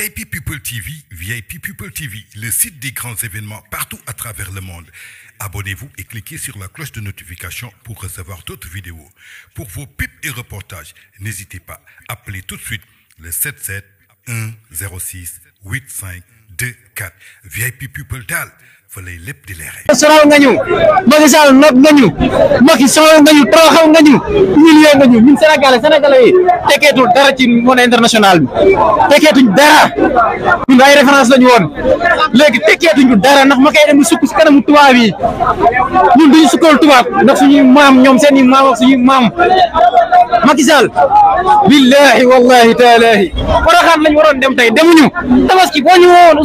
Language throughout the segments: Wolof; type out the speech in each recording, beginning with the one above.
VIP People TV, VIP People TV, le site des grands événements partout à travers le monde. Abonnez-vous et cliquez sur la cloche de notification pour recevoir d'autres vidéos. Pour vos pipes et reportages, n'hésitez pas, appelez tout de suite le 77 106 85 2 4 VIP people dal fa lay lepp di léré saraw nga ñu Macky Sall nob nga ñu Macky Sall nga ñu toroxal nga ñu million nga ñu ñun sénégalais sénégalais yi teketul dara ci monde international bi dara ñun ay référence lañu won légui dara makay dem ci bi ñun suñu ñom seen suñu Macky Sall billahi wallahi taalahi toroxal lañ waron dem tay demuñu tabaski bo ñu won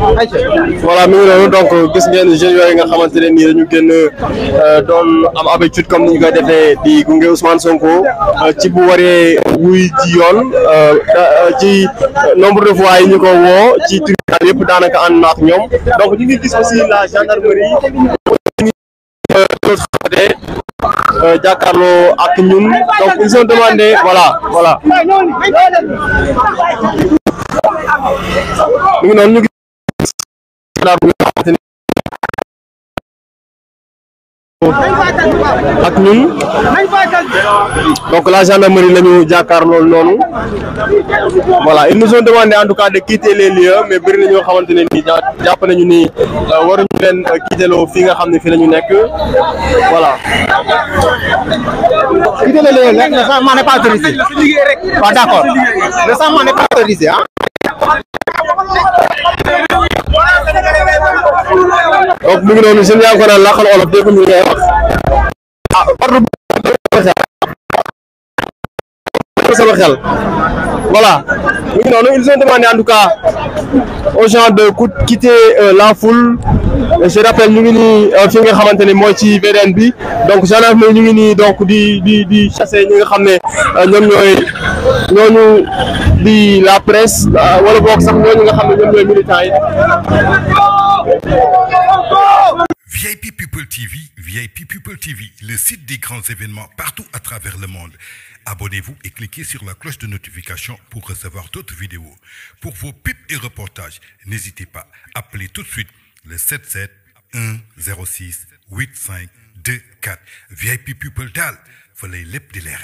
voilà mi ngi noonu donc gis ngeen jeunes yooyu nga xamante ne nii ñu génn euh, doon am habitude comme ni ñu koy defee di gunge Ousmane Sonko euh, ci bu waree wuy ji yoon euh, ci nombre de fois yi ñu ko woo ci tribunal yëpp daanaka ànd na ñoom donc ñu ngi gis aussi la gendarmerie ñu ngi ak ñun donc ils ont demandé voilà voilà. ak ñun donc la gendarmerie la ñu jàkkaar loolu voilà ils nous ont demandé en tout cas de quitter les lieux mais bëri na ñoo xamante ne nañu ni euh, waruñu leen euh, quitteloo fii nga xam ne fii la ñu nekk voilà. quitter les lieux nag le changement pas autorisé waaw d'accord le changement n'est pas autorisé ah. donc mu ngi noonu seen yaa ngi ko naan laqal olof dégg ñu ngay wax sama xel voilà mu ngi noonu ils ont demandé en tout cas aux gens de quitter la foule je rappelle ñu ngi nii fi nga xamante ne mooy ci VDN bi donc gendarmerie ñu ngi nii donc di di di chasser ñi nga xam ne eh, ñoom ñooy di la presse eh, wala boog sax ñooñu nga xam ne ñoom militants yi VIP People TV, VIP People TV, le site des grands événements partout à travers le monde. Abonnez-vous et cliquez sur la cloche de notification pour recevoir d'autres vidéos. Pour vos pipes et reportages, n'hésitez pas, appelez tout de suite le 77 106 85 24. VIP People DAL, voilà les